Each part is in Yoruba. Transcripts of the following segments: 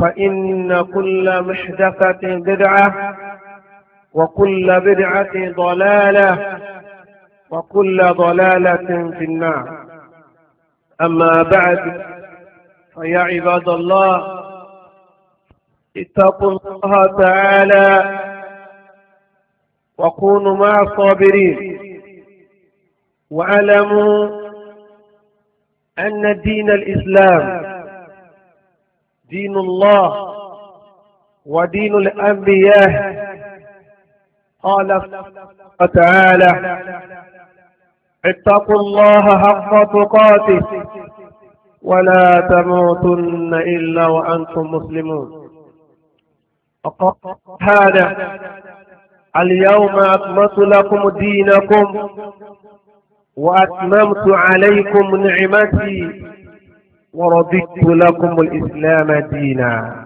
فإن كل محدثة بدعة وكل بدعة ضلالة وكل ضلالة في النار أما بعد فيا عباد الله اتقوا الله تعالى وكونوا مع الصابرين واعلموا أن دين الإسلام دين الله ودين الأنبياء قال تعالى اتقوا الله حق تقاته ولا تموتن إلا وأنتم مسلمون هذا اليوم أكملت لكم دينكم وأتممت عليكم نعمتي ورضيت لكم الإسلام دينا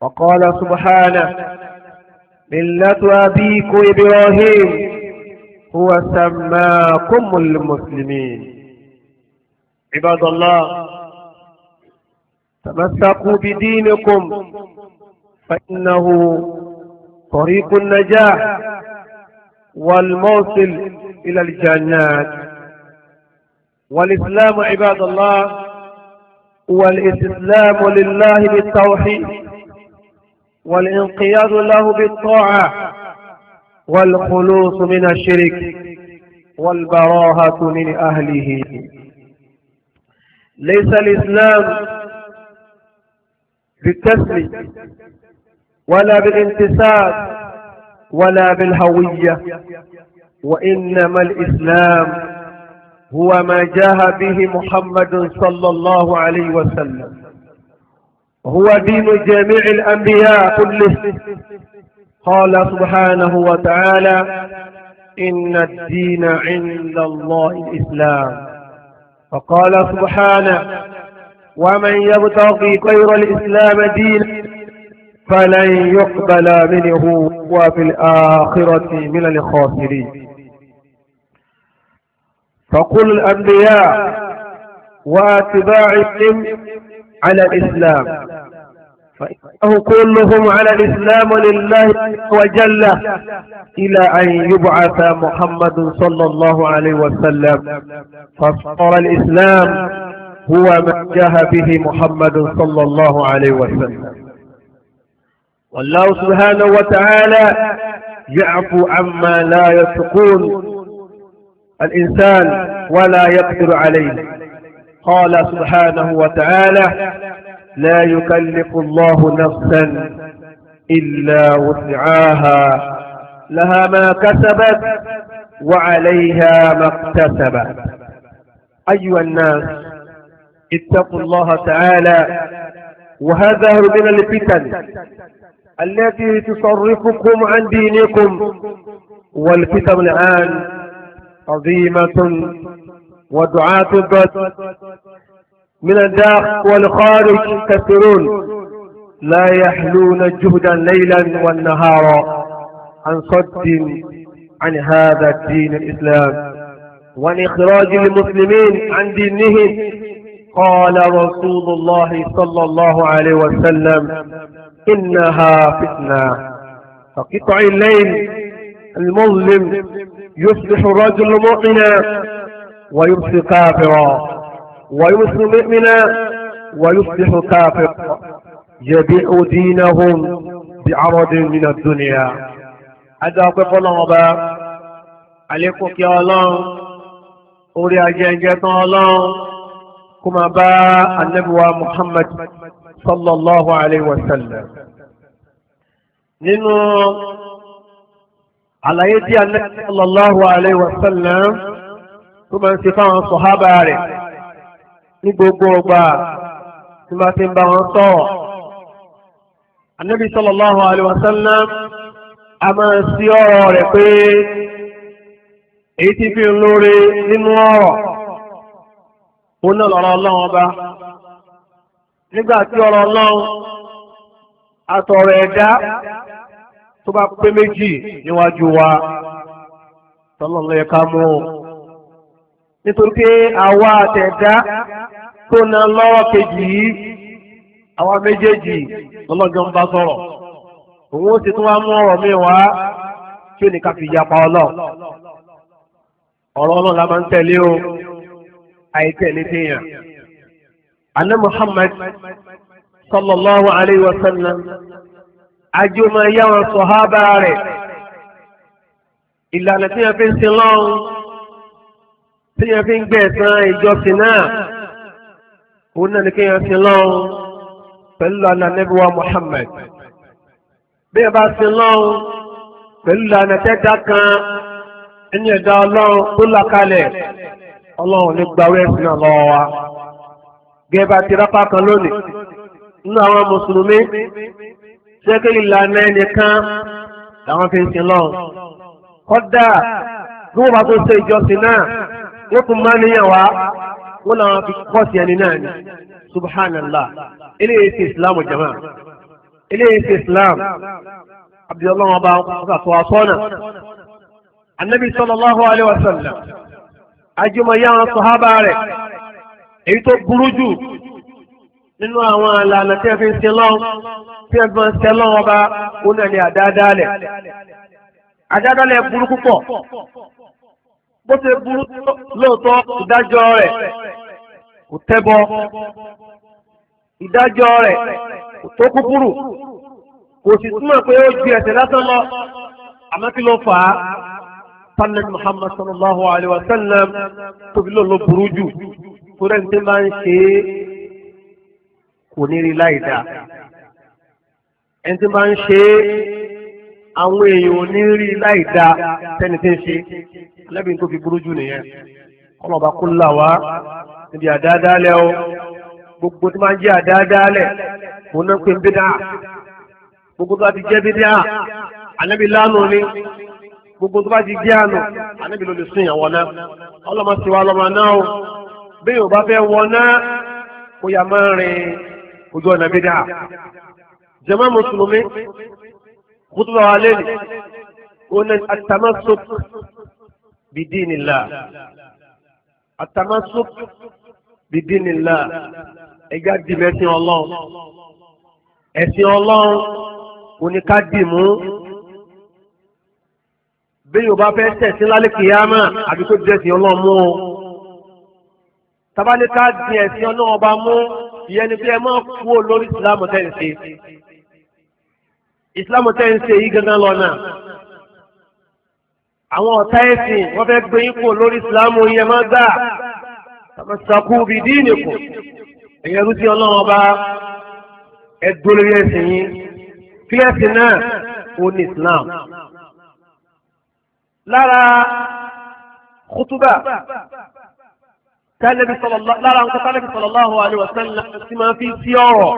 وقال سبحانه ملة أبيك إبراهيم هو سماكم المسلمين عباد الله تمسكوا بدينكم فإنه طريق النجاح والموصل إلى الجنات والإسلام عباد الله هو الاسلام لله بالتوحيد والانقياد له بالطاعة والخلوص من الشرك والبراهة من أهله ليس الإسلام بالتسلي ولا بالانتساب ولا بالهوية وإنما الإسلام هو ما جاء به محمد صلى الله عليه وسلم هو دين جميع الأنبياء كله قال سبحانه وتعالى إن الدين عند الله الإسلام وقال سبحانه ومن يبتغي غير الإسلام دينا فلن يقبل منه وفي الآخرة من الخاسرين فقل الأنبياء واتباعهم على الإسلام فإنه كلهم على الإسلام لله وجل إلى أن يبعث محمد صلى الله عليه وسلم فصار الإسلام هو ما جاه به محمد صلى الله عليه وسلم والله سبحانه وتعالى يعفو عما لا يتقون الإنسان ولا يقدر عليه قال سبحانه وتعالى لا يكلف الله نفسا إلا وسعاها لها ما كسبت وعليها ما اكتسبت أيها الناس اتقوا الله تعالى وهذا من الفتن التي تصرفكم عن دينكم والفتن الآن عظيمة ودعاة الضد من الداخل والخارج كثيرون لا يحلون جهدا ليلا والنهارا عن صد عن هذا الدين الإسلام وعن إخراج المسلمين عن دينهم قال رسول الله صلى الله عليه وسلم إنها فتنة فقطع الليل المظلم يصبح الرجل مؤمنا ويمسي كافرا ويمسي مؤمنا ويصبح كافرا يبيع دينهم بعرض من الدنيا هذا قبل الله عليكم يا الله orí ajẹ́jẹ́ tán ọlọ́run kó máa bá anábíwá muhammad sallallahu alayhi wa àlàyé tí Ànábì sallallahu alaihi wasallam tó máa ń ṣe fáwọn sọ̀hábà rẹ̀ ní gbogbo ọgbà tí máa ti ń bá wọn sọ̀rọ̀ Ànábì sallallahu alaihi wasallam a máa ń sí ọ̀rọ̀ rẹ̀ pé èyí tí fi ń lóore nínú ọ̀rọ̀ òun náà lọ́rọ̀ ọlọ́run ọba nígbà tí ọ̀rọ̀ ọlọ́run àtọ̀rọ̀ ẹ̀dá tó bá pé méjì níwájú wa tọ́lọ́lọ́ yẹ ká mú o nítorí pé àwa àtẹ̀dá tó na lọ́wọ́ kejì yìí àwa méjèèjì lọ́lọ́jọ́ ń bá sọ̀rọ̀ òun ó sì tún wá mú ọ̀rọ̀ mi wá tí ó ní ká fi yapa ọlọ́ ọ̀rọ̀ ọlọ́run la máa ń tẹ̀lé o àìtẹ̀lé téèyàn. Anna Muhammad sallallahu alayhi wa sallam àjò máa yá wọn sọ̀hábà rẹ̀ ìlànà tí wọ́n fi ń sin lọ́run tí wọ́n fi ń gbẹ̀san ìjọsìn náà òun náà ni kí wọ́n sin lọ́run pẹ̀lú lọ́nà nẹ́bíwá Muhammad bí wọ́n bá sin lọ́run pẹ̀lú lọ́nà kan ẹni ẹ̀dá ọlọ́run tó là kalẹ̀ ọlọ́run ní gbawé ẹ̀sìn náà lọ́wọ́ wa gẹ́gẹ́ bá ti rápá kan lónìí nínú àwọn mùsùlùmí sẹ́kẹ́ ìlànà ẹnìkan làwọn fi ń sin lọ. kọ́dà bí wọ́n bá tó ṣe ìjọsìn náà wọ́n tún máa níyàn wá wọ́n làwọn fi kọ́ọ̀sì ẹni náà ni subhanallah eléyìí ṣe islam jama eléyìí ṣe islam abdulayi wọn bá wọn kà sọ́nà anabi sallallahu alayhi wa sallam ajumaya wọn sọ̀hábà rẹ̀ èyí tó burú jù nínú àwọn àlànà tí ẹ fi ń ṣe lọ́wọ́ tí ẹ gbọ́n ṣe lọ́wọ́ ọba òun náà ni àdáadáalẹ̀. àdáadáalẹ̀ burú púpọ̀ bó ṣe burú lóòótọ́ ìdájọ́ rẹ̀ kò tẹ́bọ ìdájọ́ rẹ̀ kò tó kúkúrú kò sì túmọ̀ pé ó ju ẹ̀ṣẹ̀ lásán lọ àmọ́ kí ló fà á sanad muhammad sallallahu alayhi wa sallam tóbi ló ló burú jù tó máa ń ṣe é kò ní rí láì dáa ẹni tí máa ń ṣe é àwọn èèyàn ò ní rí láì dáa tẹ́ni tí ń ṣe lẹ́bìn tó fi burú jù nìyẹn ọlọ́ba kó là wá níbi àdáadáalẹ̀ o gbogbo tí máa ń jẹ́ àdáadáalẹ̀ kò ná pé ń gbogbo tó bá ti jẹ́ bí dáa ànábì ni gbogbo tó bá ti jẹ́ àná ànábì ló lè sún ìyàwó náà ọlọ́mọ sì wá lọ́mọ náà o bí yóò bá fẹ́ wọ náà kó yà máa rìn ojú ọ̀nà bídà jàmá mùsùlùmí kútùbà wa lẹ́nu oní atamasuk bìdínìlá atamasuk bìdínìlá ẹja dìbẹ̀ ẹ̀sìn ọlọ́run ẹ̀sìn ọlọ́run oníkádìmú bẹ́ẹ̀ yóò bá fẹ́ tẹ̀sí lálẹ́ kìyàmá àbí kó dẹ̀sìn ọlọ́run mú o tabalẹ́ka dín ẹ̀sìn ọlọ́run ọba mú o ìyẹn ni pé ẹ máa kú ó lórí ìsìlámù tẹ́ ń ṣe ìsìlámù tẹ́ ń ṣe yìí gangan lọ́nà àwọn ọ̀tá ẹ̀sìn wọ́n fẹ́ gbé yín kú lórí ìsìlámù yẹn máa gbà sàkú bí díìnì kù ẹ̀yẹn rúti ọlọ́run ọba ẹ dúró ẹ̀sìn yín kí ẹ̀sìn náà ó ní ìsìlámù lára kútúbà tálẹ́bí sọlọ́lá lára nǹkan tálẹ́bí sallallahu alaihi ti máa fi sí ọ̀rọ̀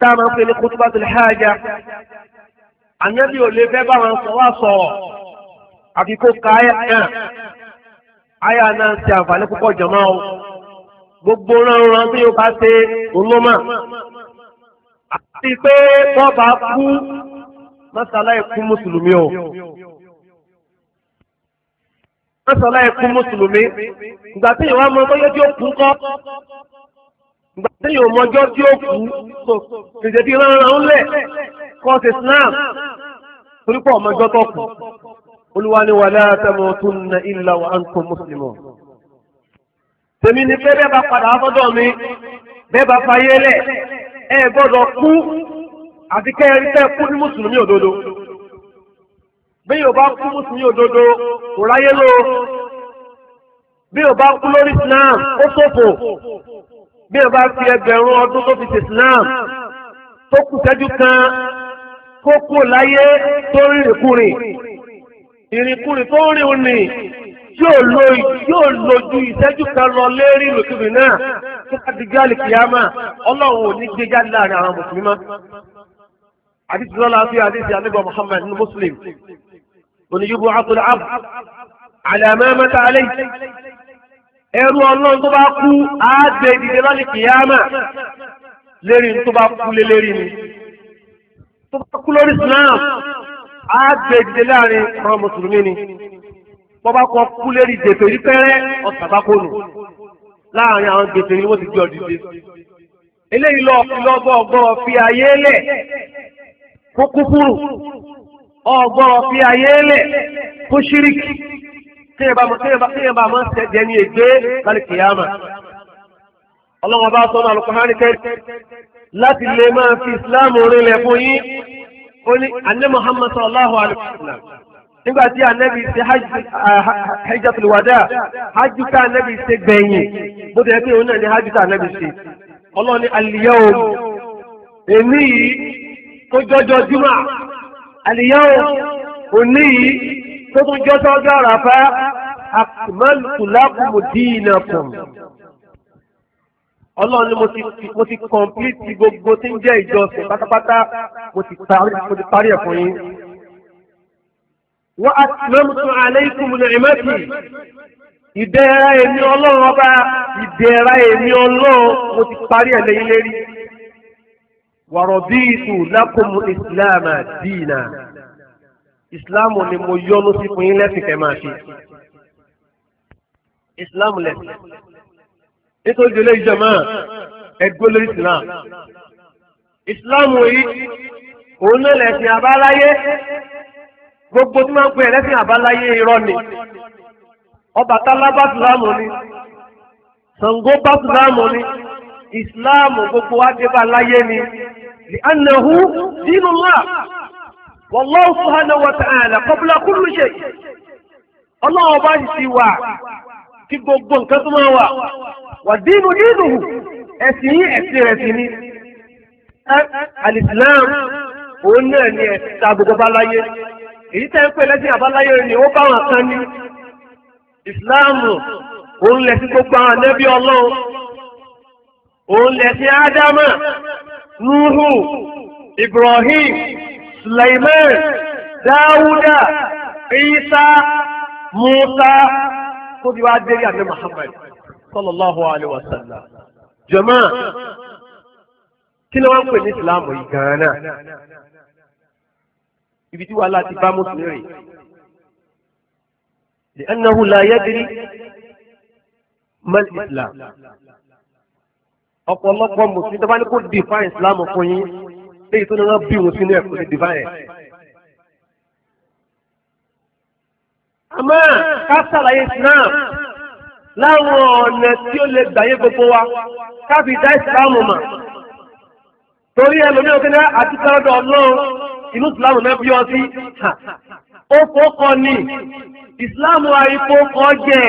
tá a máa ń pè ní khutbatul haja ànábì ò lè fẹ́ bá wọn sọ wá sọ̀rọ̀ ka náà ayà náà ṣe àǹfààní púpọ̀ o gbogbo ránran tí yóò bá ṣe olómà àti pé bọ́ọ̀bà kú mọ́sálá ẹ̀kú mùsùlùmí o. mọ́sálá ẹ̀kú mùsùlùmí ìgbà tí ìwà mọ ọjọ́ tí ó kú kọ́ ìgbà tí ìwà mọ ọjọ́ tí ó kú kò tètè bí rán rán lẹ̀ kọ́ sí snap torí pọ̀ ọmọjọ́ tó kù olúwa ni wàlá tamutunna illa wa antum muslimun. tèmi ni pé bẹ́ẹ̀ bá padà sọ́dọ̀ mi bẹ́ẹ̀ bá fayé lẹ̀ ẹ gbọ́dọ̀ kú àti kẹ́rin tẹ́ kú ní mùsùlùmí òdodo bí yóò bá kú mùsùlùmí òdodo kò ráyé lò bí yóò bá kú lórí Islam ó ṣòfò bí yóò bá fi ẹgbẹ̀rún ọdún tó fi ṣe Islam tó kù sẹ́jú kan kó kú láyé tó rí ìrìnkúrìn ìrìnkúrìn tó rí òní yóò lo ju ìṣẹ́jú kan lọ lérí lòkìrì náà tó bá di gáàlì kìámà ọlọ́run ò ní gbé jáde láàrin àwọn mùsùlùmí mọ́. àdìsí lọ́la fi àdìsí àdìgbò Muhammad ní Muslim oníyúbọ akọlẹ àbù àlàmẹ mẹ́ta alẹ ẹrú Ọlọ́run tó bá kú àgbẹ ìdíje lọlẹ kìyàmà lérí tó bá kú lé lérí ni tó bá kú lórí Islam àgbẹ ìdíje láàrin ọmọ mùsùlùmí ni bọ́bá kọ kú lérí dèfèrí pẹ́rẹ́ ọ̀sàbákòlù láàrin àwọn dèfèrí wọ́n ti gbé ọ̀dìdè eléyìí lọ́ọ́ fi lọ́gbọ́ọ̀gbọ́ fi ayé lẹ̀ kó kúkúrú ọgbọ́rọ̀ fi ayé lẹ̀ kó ṣíríkì kéèyàn bá máa ń ṣẹ̀jẹ̀ ní ègbé lálẹ́ kìyàmà. ọlọ́wọ́n bá sọ́nà alukọ́hánì kẹ́rì láti lè máa fi ìsìláàmù rinlẹ̀ fún yín ó ní anẹ́ muhammad sallallahu alayhi wa sallam nígbà tí anabi ṣe hajjatul wada hajju ká anabi ṣe gbẹ̀yìn bó ti yẹ kí òun náà ní hajju ká anabi ṣe ọlọ́ni al-yawm èmi yìí tó jọjọ jùmọ̀ àlìyáwó òní yìí tó tún jọ́ sọ́jọ́ àràfá akmaltu lakum dinakum ọlọ́run ni mo ti kọ̀m̀plìtì gbogbo tí ń jẹ́ ìjọsìn pátápátá mo ti parí ẹ̀ fún yín. wa atmamtu alaykum ni'mati ìdẹ̀ra èmi ọlọ́run ọba ìdẹ̀ra èmi ọlọ́run mo ti parí ẹ̀ lérí wàrọ̀díìtù lákòmù ìsìláàmà dìínà ìsìláàmù ni mo yọ́nú sí fún yín lẹ́sìn kẹ́ máa ṣe ìsìláàmù lẹ́sìn nítorí ìdílé ìjọba ẹgbẹ́ lórí ìsìláàmù ìsìláàmù yìí òun náà lẹ́sìn àbáláyé gbogbo tí máa ń pè lẹ́sìn àbáláyé irọ́ ni Ọbàtálá bá ìsìláàmù ni Ṣàngó ìsìláàmù ni ìsìláàmù gbogbo wa dé bá láyé ni. لأنه دين الله والله سبحانه وتعالى قبل كل شيء الله باجي سوى kí gbogbo nǹkan gbogbo máa wà wà dínú dịnụ, ẹ̀sìn yín ẹ̀sìn rẹ̀ sí ni. ni ẹ̀sìn nuhu ibrahim suleiman dáúdà isa musa tó bí wá dé rí àti muhammad sallallahu alayhi wa sallam jọmọ kí ni wọn ń pè ní ìsìláàmù yìí ibi tí wàhálà ti bá mùsùlùmí rè لأنه لا يدري ما الإسلام ọ̀pọ̀lọpọ̀ mùsùlùmí tó bá ní kó define islam fún yín léyìí tó ní wọ́n bí wọn sínú ẹ̀kọ́ ní define. àmọ́ ká sàlàyé islam láwọn ọ̀nà tí ó lè gbàyé gbogbo wa ká fi dá islam mà torí ẹlòmíràn kí ni àti sọ́dọ̀ ọlọ́run inú islam náà bí ọ sí ó fọ́kọ ni islam àìfọ́kọ jẹ́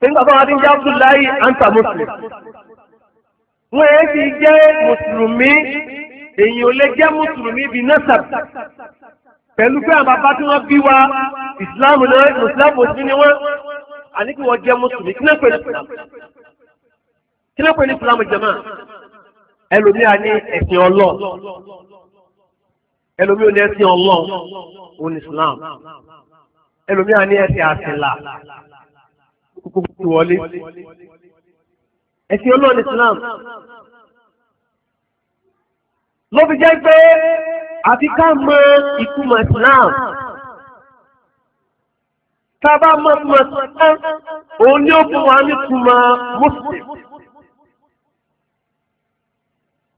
nígbà tó wà ní jábùláyì àǹtà muslim wọ́n yẹn ti jẹ́ mùsùlùmí èyí ò lè jẹ́ mùsùlùmí bíi nasab pẹ̀lú pé àwọn bàbá tí wọ́n bí wa ìsìláàmù náà mùsùlùmí òsì ni wọ́n àní kí wọ́n jẹ́ mùsùlùmí kí náà pè ní ìsìláàmù kí náà pè ní ìsìláàmù jàmáà ẹlòmíà ní ẹ̀sìn ọlọ́ ẹlòmíà ní ẹ̀sìn ọlọ́ òun ìsìláàmù ẹlòmíà ní ẹ̀sìn àṣìlá kúkú wọlé ẹ̀sìn olóòlù Islam ló fi jẹ́ pé àfi ká mọ ìtumọ̀ Islam tá a bá mọ ìtumọ̀ Islam òun ni ó fún wa ní ìtumọ̀ Muslim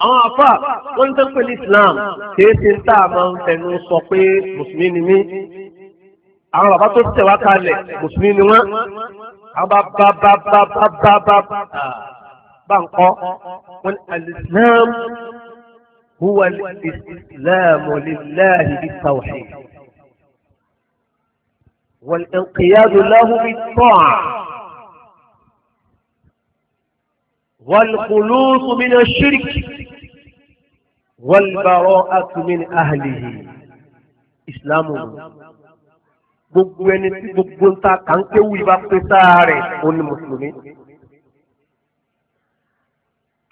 àwọn àfà wọ́n ń tẹ́ ní Islam kìí ṣe tá a máa ń fẹnu sọ pé mùsùlùmí ni mí àwọn bàbá tó tẹ̀ wá kalẹ̀ mùsùlùmí ni wọ́n àwọn báńkọ́ wọn alìsílám huwa alìsílám lillahi bitawhid wal inqiyadu lahu bit-ta'a wal khulus min ash-shirk wal bara'atu min ahlihi ìsìlámù gbogbo ẹni tí gbogbo ta kàńkéwì bá pé sáà rẹ̀ ó ní mùsùlùmí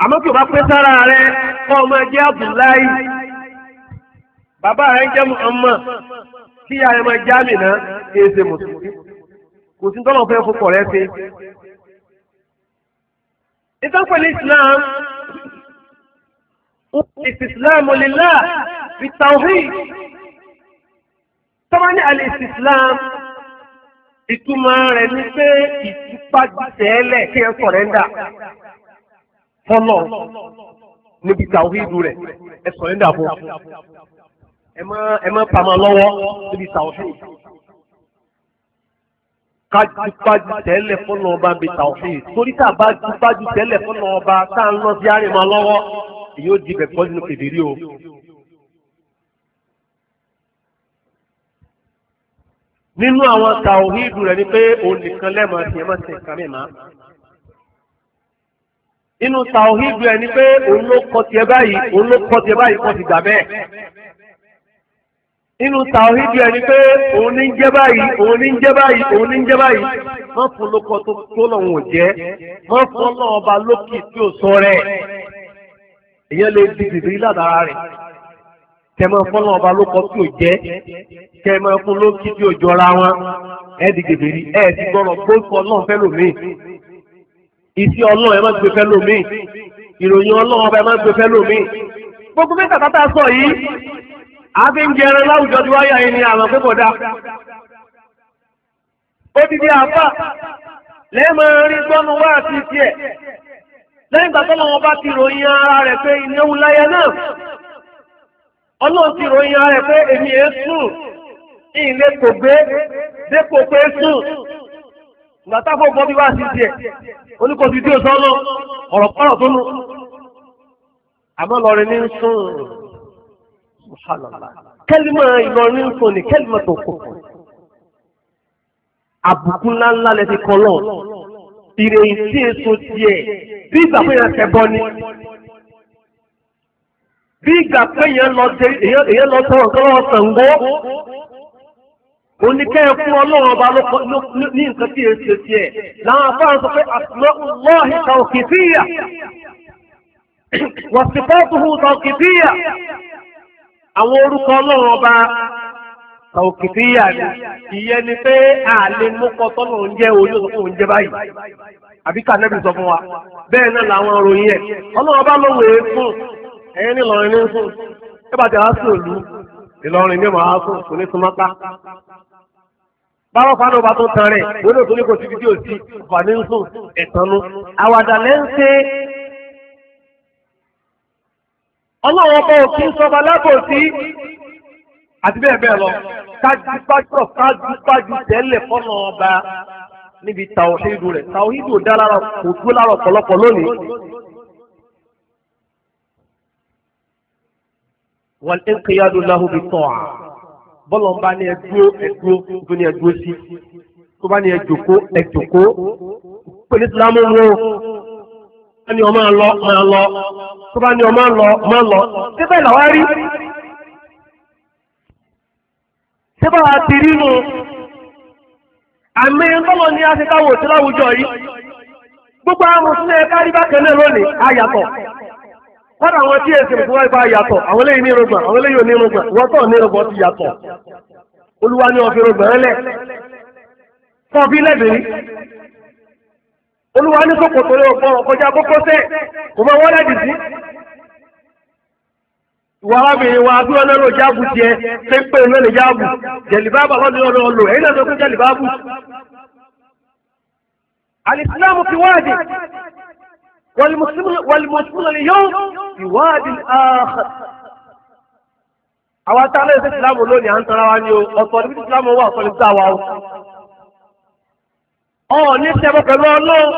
àmọ́ kí o bá pẹ́ sára rẹ kọ́ ọmọ ẹjẹ́ Abdullahi bàbá rẹ jẹ́ Muhammad kí ìyá rẹ máa jẹ́ Amina kí ẹ ṣe mùsùlùmí kò sí tọ́lọ̀ fẹ́ fún kọ̀rẹ́ ṣe. ìtọ́pẹ̀lẹ̀ Islam Islam lillah bitawhid tọ́wọ́nì al-istislam ìtumọ̀ rẹ̀ ni pé ìtúpá jẹ́lẹ̀ kí ẹ sọ̀rẹ́ndà fọlọ́ níbi tàwíìdù rẹ̀ ẹ sọ̀rẹ́ndà fún ẹ má ẹ má pamọ́ lọ́wọ́ níbi tàwíìdù kájúpájú tẹ́lẹ̀ fọ́nà ọba bíi tàwíìdù torí tá a bá júpájú tẹ́lẹ̀ fọ́nà ọba tá a ń lọ sí àrèmọ lọ́wọ́ èyí ó di bẹ̀kọ́ nínú kèdèrí o. nínú àwọn tàwíìdù rẹ̀ ni pé òun nìkan lẹ́ẹ̀mọ́ ti ẹ̀ má ti ẹ̀ka mẹ́ẹ̀má inú tàwíìdù ẹni pé òun ló kọ tiẹ̀ báyìí òun ló kọ tiẹ̀ báyìí kọ ti gbà bẹ́ẹ̀ inú tàwíìdù ẹni pé òun ní ń jẹ́ báyìí òun ní ń jẹ́ báyìí òun ní ń jẹ́ báyìí wọ́n fún lóko tó lọ́wọ́ jẹ́ wọ́n fún ọlọ́ọ̀ba lókè tí ò sọ rẹ̀ èyàn lè di bìbí ládàra rẹ̀ kẹ máa fún ọlọ́ọ̀ba lóko tí ò jẹ́ kẹ fún lókè tí ò jọra wọn ẹ̀ di bìbí ẹ̀ ti gbọ́rọ̀ gbóòkọ̀ náà fẹ́ lòmíì ìsí ọlọ́run ẹ má gbé fẹ́ lómi ìròyìn ọlọ́run ọba ẹ má gbé fẹ́ lómi gbogbo mẹ́ta tata sọ yìí àfi ń jẹrẹ láwùjọ tí wáyà yìí ni àwọn akẹ́kọ̀ọ́ dá ó ti di àfà lẹ́ẹ̀mọ rí gbọ́nu wá àti tiẹ̀ lẹ́yìn ìgbà tọ́lọ́ wọn bá ti ròyìn ara rẹ̀ pé ìnáwó láyé náà ọlọ́run ti ròyìn ara rẹ̀ pé èmi èé sùn ìlé kò gbé dépò pé sùn gbàtàfọ́ bọ́ bí wá sí tiẹ̀ oníkòtì tí ó sọ lọ ọ̀rọ̀ pọ̀rọ̀ tó nù àmọ́ lọrin ní sùn kẹ́límọ̀ ìlọrin ń sùn ní kẹ́límọ̀ tó kù àbùkù ńláńlá lẹ ti kọ́ lọ ìròyìn tí èso tiẹ̀ bí ìgbà pé yẹn tẹ̀ bọ́ ni bí ìgbà pé yẹn lọ tọrọ nǹkan lọ́wọ́ Ṣàngó. oníkẹ́ fún ọlọ́run ọba ní nǹkan tí èyí ṣe tiẹ̀ làwọn afáà sọ pé asma'ullahi tawqifiyya wa sifatuhu àwọn orúkọ ọlọ́run ọba tawqifiyya ni ìyẹn ni pé àlè mọ́kọ tọ́nà oúnjẹ orí òsọ fún oúnjẹ báyìí àbí sọ fún wa bẹ́ẹ̀ náà làwọn ròyìn ẹ̀ ọlọ́run ọba lọ́wọ́ èé fún ẹ̀yìn báwọn fánà ọba tó tan rẹ̀ wọ́n náà tó ní kò síbi tí ò sí fàní ń sùn ẹ̀tànú àwàdà lẹ́ńsẹ́ ọlọ́run ọba òkè ń sọba lábòsí àti bẹ́ẹ̀ bẹ́ẹ̀ lọ kájúpájọ kájúpájú tẹ́lẹ̀ fọ́nà ọba níbi tàwọ̀hídù rẹ̀ tàwọ̀hídù dá lára kò dúró lára ọ̀pọ̀lọpọ̀ lónìí. wal inqiyadu lahu bi ta'a bọ́lọ̀ ń bá ní ẹdúró ẹdúró tó ní ẹdúró sí tó bá ní ẹjòkó ẹjòkó pé ní Ìsìlámù wo wọ́n ní ọmọ lọ máa lọ tó bá ní ọmọ lọ máa lọ síbẹ̀ làwa rí síbẹ̀ wa ti rí nù àmì bọ́lọ̀ ní aṣèkáwò tí láwùjọ yìí gbogbo àwọn mùsùlùmí ẹ̀ka rí bákan lónìí ayàtọ̀. kọ́dà àwọn tí èsì ìfúnwá ibà yàtọ̀ àwọn eléyìí ní irùngbọ̀n àwọn eléyìí ní irùngbọ̀n wọ́n tọ̀ ní irùngbọ̀n ti yàtọ̀ olúwa ní ọ̀fìn irùngbọ̀n ẹlẹ̀ tọ́ bí lẹ́bìrì olúwa ní kòkòtò ọ̀pọ̀ wọ́n والمسلمون اليوم في واد آخر àwọn atálẹ̀ ìsìn ìsìlámù lónìí à ń tanra wa ni o ọ̀tọ̀ níbi tí ìsìlámù wà ọ̀tọ̀ níbi tí àwa o. ọ̀ ní sẹ́wọ́ pẹ̀lú ọlọ́run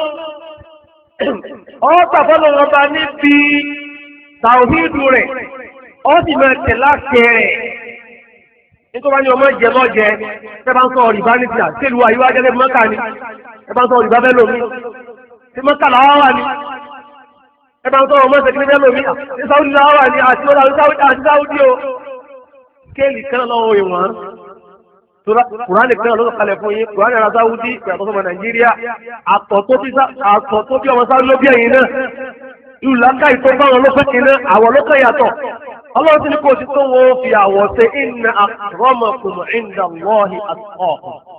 ọ̀ọ́ta fọ́nà wọn bá níbi tàwíìdù rẹ̀ ọ̀ sì máa tẹ̀ láti rẹ̀ nítorí wọn ni ọmọ jẹ mọ́ jẹ ẹ bá ń sọ ọ̀rìbá ní tìyà sílùú àyíwájẹ́ lẹ́bi mọ́kà ni ẹ bá ń sọ ọ̀rìbá bẹ́ẹ̀ lómi tí mọ́kà làwọn wà ní ẹ̀bá ń sọ̀rọ̀ mọ́sẹ̀ kílẹ̀ mẹ́lò mi ní sáwùdí láwà ní àti ọ̀dà àti sáwùdí o kéèlì kan lọ́wọ́ ìwọ̀n kùránì kan lọ́wọ́ kalẹ̀ fún yín kùránì ara sáwùdí yàtọ̀ sọmọ nàìjíríà àtọ̀ tó bí ọmọ sáwùdí ló bí ẹ̀yìn náà ìlú láká ìtó bá wọn lọ́fẹ́ kí náà àwọ̀ ló kàn yàtọ̀ ọlọ́run ti ní kó o ti tó wọn fi àwọ̀ ṣe ìnà àkọ́mọkùnmọ̀ ìndàlọ́ọ̀hì àtọ̀ọ̀kùn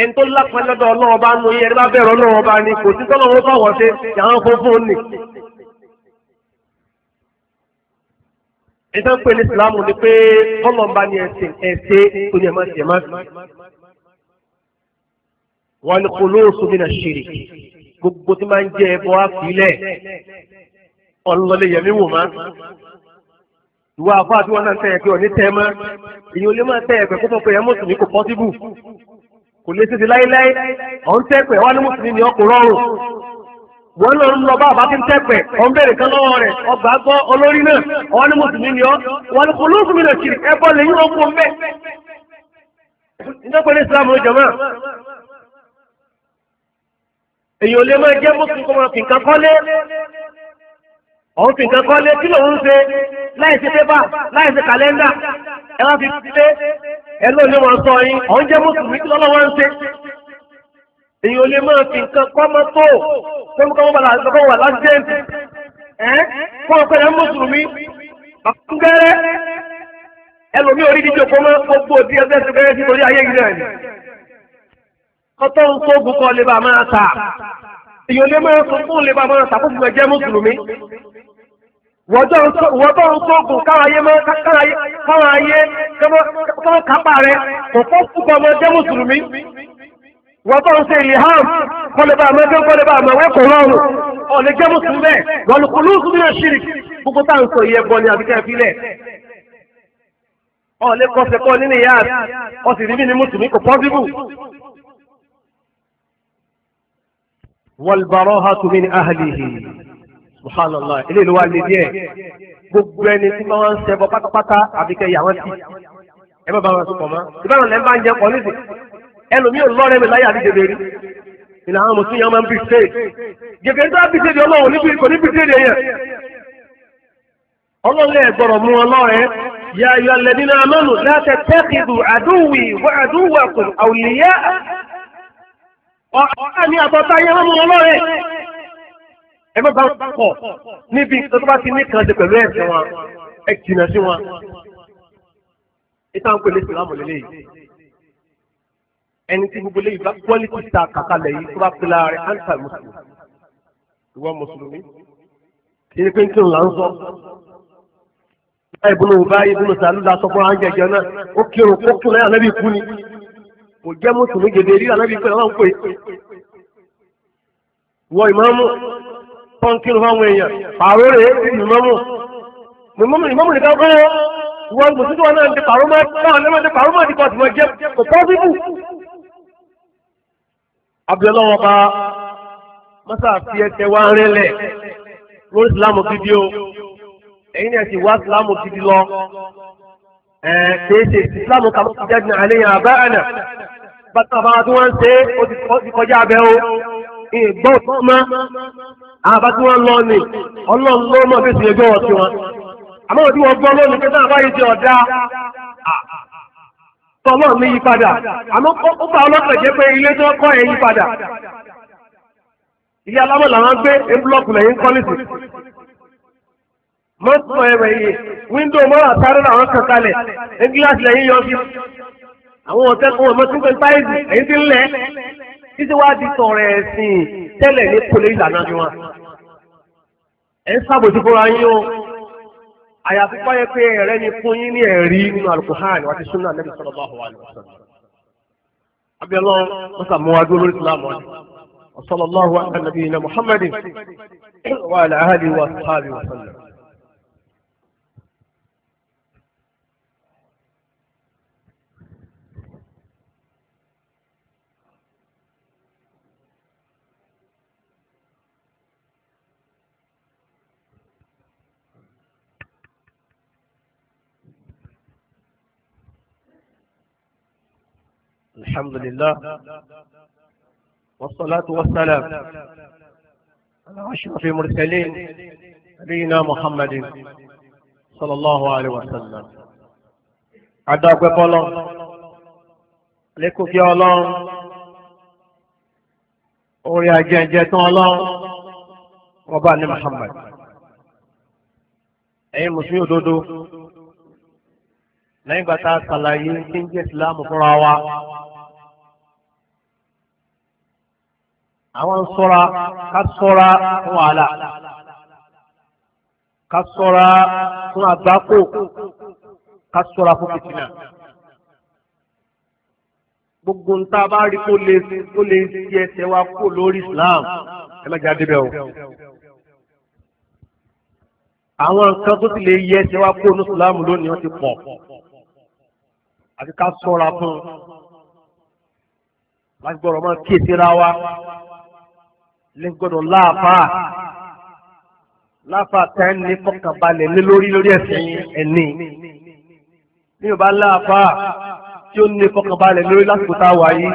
ẹni tó lápá lọ́dọ̀ ọlọ́wọ́ bá nu yẹn bá bẹ̀rẹ̀ ọlọ́wọ́ bá ní kò sí tọ́lọ́wọ́ bá wọ̀ ṣe yàrá funfun nì. ìtàn pé ní Ìsìlámù ni pé ọlọ́mba ni ẹ̀sìn ẹ̀sẹ̀ tó ní ẹ̀ máa ṣe máa fi. wọ́n ní kò lóòsùn mi náà ṣèrè gbogbo tí máa ń jẹ ẹbọ àfilẹ̀ ọlọ́lẹ̀ yẹmí wò má ìwà àfọ àti wọn náà tẹ̀ ẹ̀ pé ọ̀ kò lè ṣe ti láíláí ọ̀n tẹ́pẹ̀ wá ní mùsùlùmí ni ọkùn rọrùn wọ́n lọ ń lọ bá àbá tí ń tẹ́pẹ̀ ọ̀n bẹ̀rẹ̀ kan lọ́wọ́ rẹ̀ ọgbà gbọ́ olórí náà ọwọ́ ní mùsùlùmí ni ọ́ wọ́n ní kò lóògùn mìíràn kiri ẹbọ lè yín ọkùn bẹ́ẹ̀. nígbà pẹ̀lú Islam ló jọmọ́ èyí ò lè máa jẹ́ mùsùlùmí kọ́mọ ọ̀hún fi nǹkan kọ́lé kí lòun ń ṣe láìsí pépà láìsí kàlẹ́ndà ẹ wá fi pílé ẹ ló lé wọn sọ yín ọ̀hún jẹ́ mùsùlùmí kí lọ́lọ́wọ́ ń ṣe. èyí ò lè máa fi nǹkan kọ́ mọ́tò kọ́mọkọ́mọ bàlá àgbẹ̀kọ́ wà lásìdẹ́ǹtì ẹ́ fún ọ̀pẹ rẹ̀ mùsùlùmí àwọn gẹ́rẹ́ ẹlòmí orí dídí òkú mọ́ gbogbo òdí ẹgbẹ́ ti bẹ́ẹ̀ sí torí ayé yìí náà ni. ọtọ́ ń kó gbùkọ́ lè bá máa ta èèyàn lè máa sọ fún lè bá máa ṣàkóso lọ jẹ́ mùsùlùmí wọ́tọ̀ ń sọ́gun káráyé mọ́ káráyé kọ́ kápá rẹ̀ kò fọ́ púpọ̀ mọ́ jẹ́ mùsùlùmí wọ́tọ̀ ń ṣe ìlìhàm kọ́lẹ̀bà mẹ́jọ kọ́lẹ̀bà mẹ́wẹ́ kò rọrùn ọ̀lẹ́ jẹ́ mùsùlùmí bẹ́ẹ̀ wọ́lùkù lóòsù nínú ṣìrì gbogbo tá ń sọ ìyẹ bọ ní àbíkẹ́ fílẹ̀ ọ̀lẹ́ kọ́sẹ̀kọ́ nínú ìyá ọ̀sìn ní mùsùlùmí kò pọ́sibù walbarahatu min ahlihi subhanallah eléyìí ló wà lé díẹ̀ gbogbo ẹni tí wọn ń ṣẹbọ pátápátá àbíkẹ́ yà wọn sí ẹ bá bá wọn sọ pọ̀ mọ́ ìbára lẹ ń bá ń jẹ pọ̀ nídìí ẹlòmíì ò lọrẹ mi láyé àdìjẹ bẹ̀rẹ̀ ìlà àwọn mùsùlùmí yẹn máa ń bí sèé gègé tó bí sèé Ọlọ́run níbi kò níbi sèé yẹn Ọlọ́run lẹ gbọ́rọ̀ mú wọn lọ́rẹ̀ yà náà mọnu láti tẹkìdù àdúwì wà àdúwà kùn àwùlíyà ọ̀rẹ́ ní àbọ̀tá yẹ́ mọ́ ọlọ́rẹ́ ẹgbẹ́ bá pọ̀ níbi tó bá ti ní kan ṣe pẹ̀lú ẹ̀sìn wọn ẹ jìnà sí wọn ìtàn pèlè ìsìlámù lélẹ̀ yìí ẹni tí gbogbo lè bá quality ta kàkàlẹ̀ yìí tó bá pèlà rẹ̀ ansa mùsùlùmí ìwọ mùsùlùmí kí ni pé ń kírun là ń sọ ìbùnú ìbá ìbùnú sàlúdà sọ fún àwọn jẹjẹ náà ó kírun kó kírun náà kò jẹ́ mùsùlùmí gèdè rí ànábì pé ọlọ́run pé wọ ìmáàmù pọ́ńkìlù fáwọn èèyàn pààrọ̀ rẹ̀ ìmáàmù ìmáàmù ìmáàmù nìkan kọ́ wọn gbèsè tí wọn náà di pààrọ̀ mọ́ táwọn náà di pààrọ̀ mọ́ nípa tí wọ́n jẹ́ kò pọ́sibú. abdullahi ọba masa fi ẹsẹ̀ wa rinlẹ̀ lórí islam gidi o ẹ̀yin náà ti wá islam gidi lọ ẹ̀ẹ́dẹ́sẹ̀ islam kàmú bàtà bàbá tí wọ́n ń ṣe ó ti kọjá abẹ́ o ìgbọ́n tó mọ́ àwọn bá tí wọ́n lọ ní ọlọ́run ló mọ̀ bí ìṣòro ẹjọ́ wọn sí wọn. àmọ́ òdi wọn gbọ́ lónìí pé táwọn báyìí ti ọ̀dà tọ́lọ́ ní yípadà àmọ́ ó bá ọlọ́pàá jẹ́ pé ilé tó kọ́ ẹ̀ yípadà. ilé alámọ̀ làwọn gbé e búlọ́ọ̀kù lẹ́yìn kọ́lẹ́sì mọ́tò ẹ̀rẹ̀ yìí wíńdò mọ́ra sáré làwọn kàn kalẹ̀ ẹ̀ gíláàsì lẹ́yìn yọ àwọn ọ̀tẹ́ kan ọmọ tó ń pẹ́ báyìí ẹ̀yìn ti ń lẹ̀ títí wá di tọ̀rọ̀ ẹ̀sìn tẹ́lẹ̀ ní kò lè ìlànà bí wọn. ẹ ń sábòjú fúnra yín o àyàfi báyẹn pé ẹ̀rẹ́ ni fún yín ní ẹ̀rí nínú alukuhani wàá ti súnà sọ̀rọ̀ bá wà musa muwadu wa الحمد لله والصلاة والسلام على أشرف المرسلين نبينا محمد صلى الله عليه وسلم أدعوك بالله عليكم يا الله ويا جن tán ọlọ́run ọba ní Muhammad ẹ̀yin mùsùlùmí lẹ́yìn ìgbà tá a ṣàlàyé tí ń jẹ́ ìsìláàmù fúnra wa. àwọn sọ́ra ká sọ́ra fún wàhálà ká sọ́ra fún àgbákò ká sọ́ra fún fìtínà. gbogbo nta bá rí kó lè kó lè di ẹsẹ̀ wa kó lórí Islam ẹ má jáde bẹ́ẹ̀ o. àwọn nǹkan tó ti lè yẹ ẹsẹ̀ wa kó ní Islam lónìí wọ́n ti pọ̀ àti ká sọ́ra fún un láti gbọ́dọ̀ máa kíyèsí ra wa lẹ́yìn gbọ́dọ̀ láàfáà láàfáà tẹ́ ń ní fọkànbalẹ̀ lé lórí lórí ẹ̀sìn ẹ̀ní ní yorùbá láàfáà tí ó ní fọkànbalẹ̀ lórí lásìkò tá a wà yìí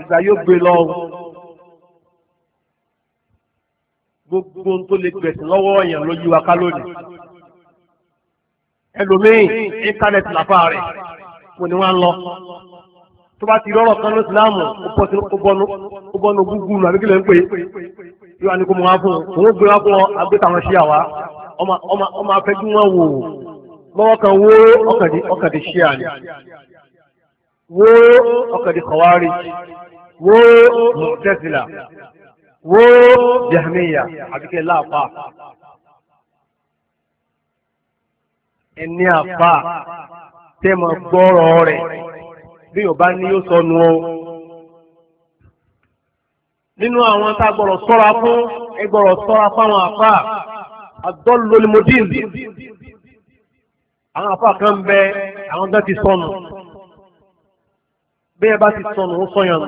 ìgbà yóò gbé lọ gbogbo tó lè gbẹ̀sìn lọ́wọ́ èèyàn ló yí wa ká lónìí ẹlòmíì íńtánẹ́ẹ̀tì làfáà rẹ̀ mo ní wọn lọ tó bá ti rọrọ kan ní ìsìláàmù ó bọ́nu gúgúrú àbí kílẹ̀ ń pè yóò wá ní kó mo wá fún un òun gbé wá fún ọ agbétàwọn ṣíà wa ọmọ afẹ́jú wọn wò lọ́wọ́ kan wó ọkàdé ṣíà ni wó ọkàdé kọ̀wárì wó mọ̀tẹ́sílà wó jahmiya àbí kílẹ̀ láàpá. ẹni àpá tẹ́ mọ gbọ́rọ̀ rẹ̀ bí yóò bá ní yóò o. nínú àwọn tá a sọ́ra fún ẹ sọ́ra fáwọn àwọn kan ń ti bí ẹ ti ó sọyàn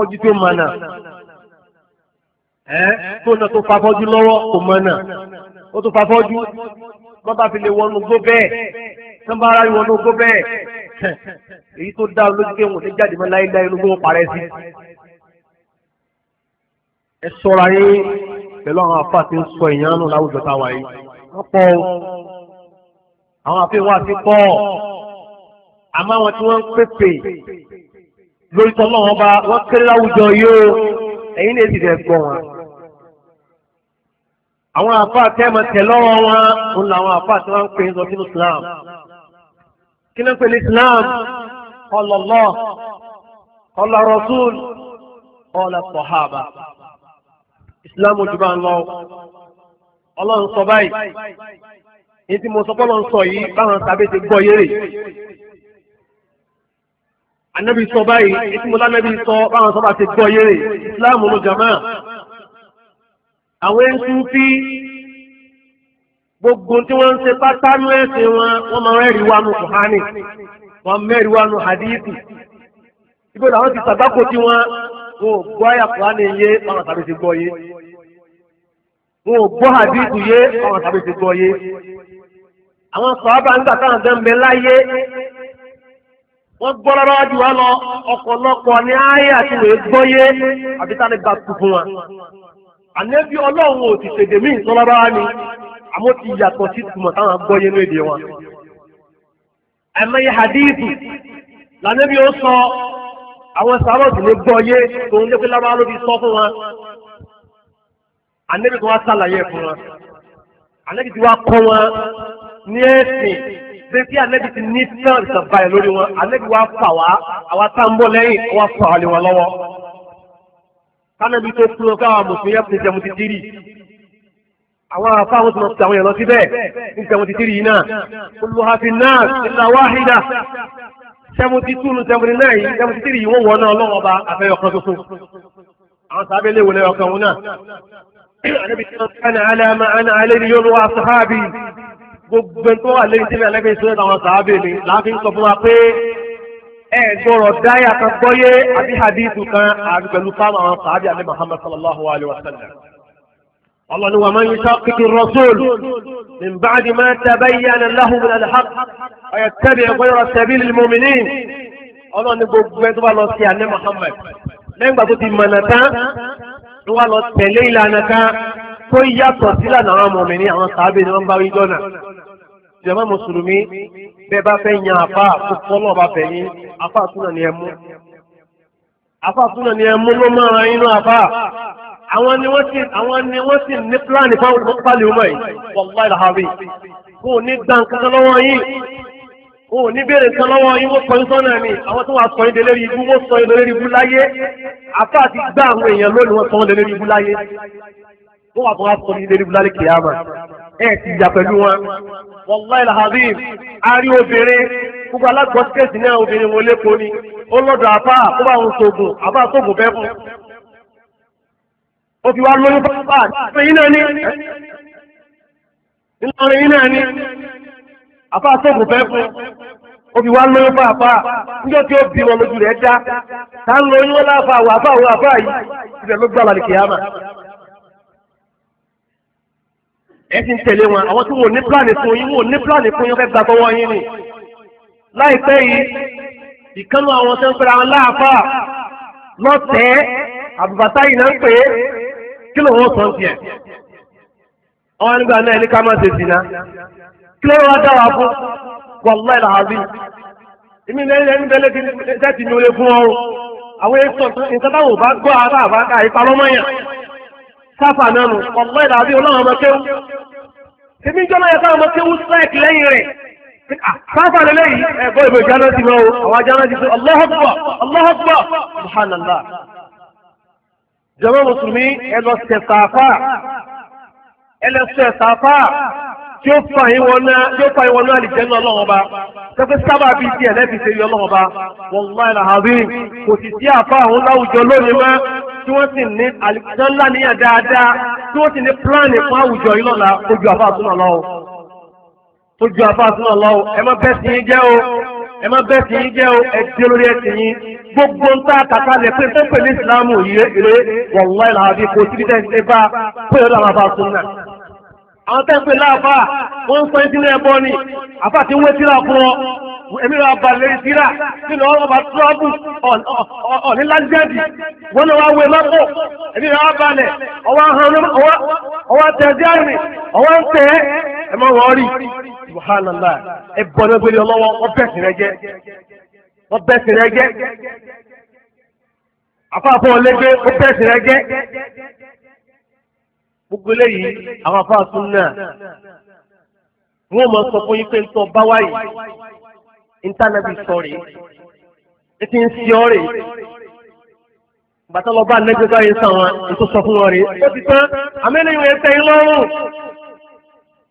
nù tó tó náà tó fafọ́jú lọ́wọ́ kò mọ̀ náà ó tó fafọ́jú wọ́n bá fi lè wọnú gbó bẹ́ẹ̀ wọ́n bá ara rí wọnú gbó bẹ́ẹ̀ èyí tó dá lójú pé wọn ò ní jáde mọ́ láéláé inú gbó parẹ́ sí. ẹ sọ́ra yín pẹ̀lú àwọn afá tí ń sọ ìyẹn nù láwùjọ táwa yìí wọ́n pọ̀ o àwọn àfihàn wa ti pọ̀ àmọ́ àwọn tí wọ́n ń pèpè lórí tọ́lọ́wọ́n bá wọ́n kéré láwùjọ yìí o ẹ̀yin lè ti dẹ̀ gbọ̀n wọn àwọn àfáà tẹ́ mọ̀ tẹ̀ lọ́wọ́ wọn òun làwọn àfáà tí wọ́n ń pè é lọ sínú Islam kí ló ń pè ní Islam qala Allah qala Rasul qala Sahaba Islam ojú bá ń lọ ọlọ́run sọ báyìí ní tí mo sọ pé ọlọ́run sọ yìí báwọn sábẹ́ ti gbọ́ yéré anabi sọ báyìí ní mo lánàbí sọ báwọn sọ ti gbọ́ yéré Islam ló àwọn Sufi gbogbo tí wọ́n ń ṣe pátánú ẹ̀sìn wọn wọ́n máa rẹ́rì wá nu kùhánì wọ́n mẹ́rì wá nu hadithi ibo làwọn ti sàgbákò tí wọ́n wọn ò gbọ́ àyà kùhánì yé báwọn tàbí ti gbọ́ yé wọn ò gbọ́ hadithi yé báwọn tàbí ti gbọ́ yé àwọn sọ̀rọ̀ bá ń gbà táwọn dẹ́n bẹ láyé wọ́n gbọ́ lọ́rọ́ jù wá lọ ọ̀pọ̀lọpọ̀ ní àyà tí wọ́n gbọ́ yé àbí anebi ọlọ́run ò ti ṣèdè mí ìtọ́lára ni àmọ́ ti yàtọ̀ sí tùmọ̀ táwọn èdè wọn. àìmọye hadithu lànẹ́bí ó sọ àwọn sàrọ̀tì ní gbọ́yé tó ń lépe lára ló fi sọ fún wọn. ànẹ́bí tó wá sàlàyé fún ti wá kọ́ wọn ní ẹ̀sìn pé kí ànẹ́bí ti ní tẹ́lẹ̀ ìtàn báyìí lórí wọn wá fà wá kánàbí tó kú lọ káwọn mùsùlùmí ẹ̀kùn jẹun ti tírì àwọn afá àwọn tòmọ̀ àwọn èèyàn lọ síbẹ̀ ń jẹun ti tírì yìí náà olùhàfi náà ìlà wáhídà seventy two nu seventy nine yìí seventy three yìí wọ́n wọ́n náà lọ́wọ́ bá afẹ́yọkan tó fún àwọn sábẹ́ lè wọlé ọkàn wọn náà ànábi tí wọ́n kánà aláàmà àná alẹ́ ni yóò lọ́wọ́ àṣàhábì gbogbo ẹni tó wà lẹ́yìn tí mi àlẹ́ ẹ̀ gbọ́rọ̀ dáyà kan gbọ́yé àbí hadithu kan àbí pẹ̀lú fáwọn àwọn sàábì àbí Muhammad sallallahu alayhi wa sallam. Allah ni wa man yushaqiq ar-rasul min ba'di ma tabayyana lahu min al-haqq wa yattabi' ghayra sabil al-mu'minin. Allah ni gbogbo ẹ̀ tó bá lọ sí àní Muhammad lẹ́yìn gbàgbọ́ ti mọ̀nà tán ló wá lọ tẹ̀lé ìlànà kan tó yàtọ̀ sílànà àwọn mọ̀mìnì àwọn sàábì ni wọ́n bá wí jọ́nà jàmá mùsùlùmí bẹ́ẹ̀ bá fẹ́ yan àfa àkókò náà bá fẹ́ yín àfa àtúnà ni ẹ mú àfa àtúnà ni ẹ mú ló máa inú àfa àwọn ni wọ́n sì àwọn ni wọ́n sì ní pílánì fáwọn pálí ọmọ yìí wàlúwà ìlàhàbí kò ní gbà nǹkan lọ́wọ́ yín kò ní béèrè nǹkan lọ́wọ́ yín wọ́n sọ yín sọ́nà mi àwọn tó wàá sọ yín délé ibú wọ́n sọ yín délé ibú láyé àfa àti gbá àwọn èèyàn lónìí wọ́n sọ délé ibú láyé wọ́n wà fún wa sọ délé ibú láyé kìí ẹ ti jà pẹ̀lú wọn. wàláì làhàbíb a rí obìnrin gbogbo alágbọ́síkẹ́sì náà obìnrin wọn lépo ni ó lọ́dọ̀ àbá kó òun sògùn àbá sògùn bẹ́ẹ̀ fún. ó fi wá lóyún bá àbá yín náà ní. nítorí yín náà ní àbá sògùn bẹ́ẹ̀ fún. ó fi wá lóyún níjọ́ tí ó bí wọn lójú rẹ̀ dá. tá ń ẹ ti ń tẹ̀lé wọn àwọn tí wọn ò ní pílánì fún yín wọn ò ní pílánì fún yín fẹ́ gba tọwọ́ yín ni láìpẹ́ yìí ìkànnì àwọn tó ń pera wọn láàfà lọ́tẹ̀ àbùbàtà yìí náà ń pè é kí ló wọ́n sàn tiẹ̀ ọwọ́ nígbà náà ẹni ká má ṣe sí náà kí ló wá dá wa fún wàlúwà ìlàhàbí èmi lẹ́yìn lẹ́yìn bẹ́lẹ́ ti tẹ́tì mi ò lè fún ọ àwọn èso nǹkan táwọn ò bá gbọ́ àbá àbá ká ìpalọ́mọ́yàn sáfà náà nù ọ̀pọ̀ ìdàbí ọlọ́run ọmọ kéwú èmi jọ́nà yẹ káwọn ọmọ kéwú strike lẹ́yìn rẹ̀ sáfà lélẹ́ yìí ẹ̀bọ́ ìbò ìjáná ti mọ́ o àwọn ajáná ti sọ ọlọ́họ́pọ̀ ọlọ́họ́pọ̀ subhanallah jọmọ mùsùlùmí ẹ lọ sẹ sàáfà ẹ lọ sẹ sàáfà tí ó fa ìwọ̀n náà tí ó fa ìwọ̀n sábà bíi tiẹ̀ lẹ́bi ṣe yọ ọlọ́run ọba wallahi alazim kò sì sí àfa àwọn láwùjọ lónìí mọ́ tí wọ́n sì ní àlùkò ńlá níyàn dáadáa tí wọ́n sì ní pílánì fún àwùjọ yìí lọ́la tó ju àfáà súnà lọ́wọ́ tó ju àfáà súnà lọ́wọ́ ẹ má bẹ́ẹ̀ sì yín jẹ́ o ẹ má bẹ́ẹ̀ sì yín jẹ́ o ẹ dé lórí ẹsẹ̀ yín gbogbo ń tá kàkà lẹ̀ pé tó pè ní ìsìlámù yìí eré wọ̀nlá ìlànà àbí kò sí dídẹ́ ṣe bá pé ó làwọn àfáà súnà àwọn tẹ́ ń pè wọ́n ń sọ èmi náà balẹ̀ ìdíra nínú ọ̀rọ̀ bá túrọ́bù ọ̀nílájẹ́bì wọn náà wá wé mọ́pọ̀ èmi náà balẹ̀ ọwọ́ tẹ̀sí àrùn ọwọ́ ń tẹ̀ ẹ́ ẹ wọ́n rí subhanallá ẹ bọ́ gbélé ọlọ́wọ́ wọ́n bẹ̀ sí jẹ́ afáfọ́ ọlẹ́gbẹ́ ó bẹ̀ sí jẹ́ gbogbo eléyìí àwọn náà wọ́n mọ̀ sọ fún yín pé ń tọ́ intanẹti sọrí etí ń sí ọrẹ bàtà lọba anẹgbẹ báyìí sàn wọn ètò sọ fún wọn rè ó ti tán àmẹlẹyìn wọn tẹ́ yín lọ́rùn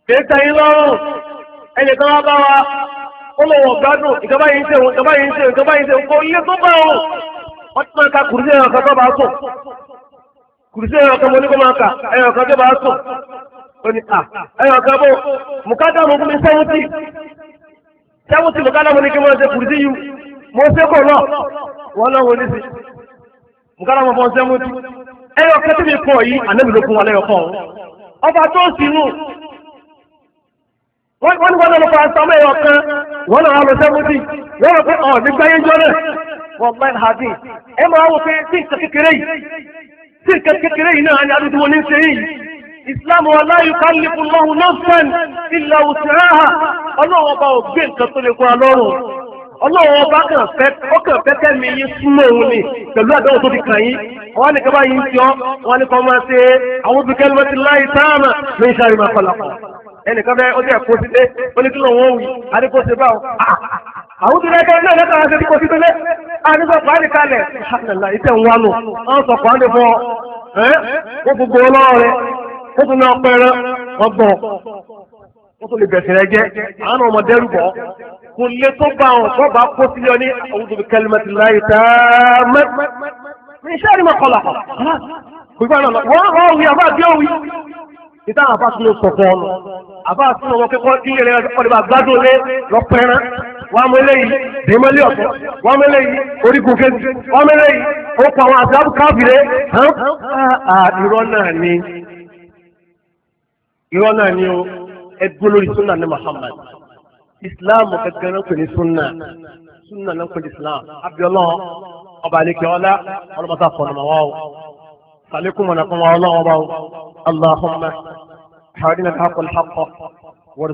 kì í tẹ́ yín lọ́rùn ẹnìkan wá bá wa ó lọ wọ gbádùn ìjọba yìí ń ṣe ìjọba yìí ń ṣe ìjọba yìí ń ṣe nǹkan ilé tó bá wọn wọn ti máa ka kùrùsí ẹ̀rọ kan tó bá sùn kùrùsí ẹ̀rọ kan mo máa kà ẹ̀rọ kan tó bá sùn ó ní à ẹ̀rọ kan bó mùkádà mo sẹ́wọ́n ti bùkálà mo ní kí wọ́n ṣe kùrìsí yìí mo ṣe kò lọ wọ́n náà wọlé sí bùkálà mo fọ́n sẹ́wọ́n ti ẹyọ kẹ́tí mi pọ̀ yìí ànábì ló fún wa lẹ́yọ kan ọba tó sì nù wọ́n ní wọ́n náà lọ fọ́n sọmọ kan wọ́n náà lọ sẹ́wọ́n ti wọ́n rọ̀ pé ọ̀ nígbà yẹn jọ náà wọ́n máa ń hàdí ẹ máa wọ ni adúgbò ní ṣe ìsìláàmù aláyùká lẹ́kùn lọ́hùn lọ́sàn ilẹ̀ òsìráhà ọlọ́run ọba ò gbé nǹkan tó lè kó alọ́rùn ọlọ́run ọba kàn fẹ́ ọkàn fẹ́kẹ́ mi yín súnmọ́ òun ni pẹ̀lú àdáwò tó ti kàn yín wọn ní kaba yín tí ọ wọn ní kọ́ máa ṣe àwọn obìnrin kẹ́lẹ́ ti láyé táàmà ní ìṣàrí máa kọlà kọ ẹnìkan fẹ́ ó jẹ́ kó sílé ó ní kí lóun ó wì adékó ṣe báwọn àwọn obìnrin ẹgbẹ́ náà lẹ́tọ̀ àti kó sílé àdékó pàdé kalẹ̀ ìṣàkàlà ìtẹ̀ ń wánu wọn sọ wọ́n tún lọ pẹ́rẹ́ wọ́n bọ̀ wọ́n tún lè bẹ̀sẹ̀ rẹ jẹ́ àánú ọmọ dẹ́rù bọ̀ kò lè tó bá wọn tó bá kó sí ọ ní àwùjọ kẹlẹmẹtì láyé tààmẹ́ iṣẹ́ ìrìnà kọlà kọ̀ kò gbọ́dọ̀ lọ wọ́n rọ òwe àbá bí òwe níta àbá tún lè sọ̀kọ̀ ọ̀nà àbá tún lọ́wọ́ kẹ́kọ́ ilé rẹ̀ ọ̀dẹ̀bà gbádùn lé lọ́pẹ́rán wọ́n mú eléyìí dèmọ́lé ọ̀tọ̀ wọ́n mú eléyìí orígun kejì wọ́n mú eléyìí ó pa àwọn àbúrò káàbìrẹ́ hàn án ìrọ́ náà ni irọ́ náà ni ó ẹgbẹ́ lórí sunna ní Muhammad islam gẹ́gẹ́ náà pè ní sunna sunna náà pè ní islam abiola ọba àlekè ọlá ọlọmọta fọnàmọ wa o sàlékún mọ̀nàkún wa ọlọ́wọ́ bá o allahumma harina al-haqqa al-haqqa.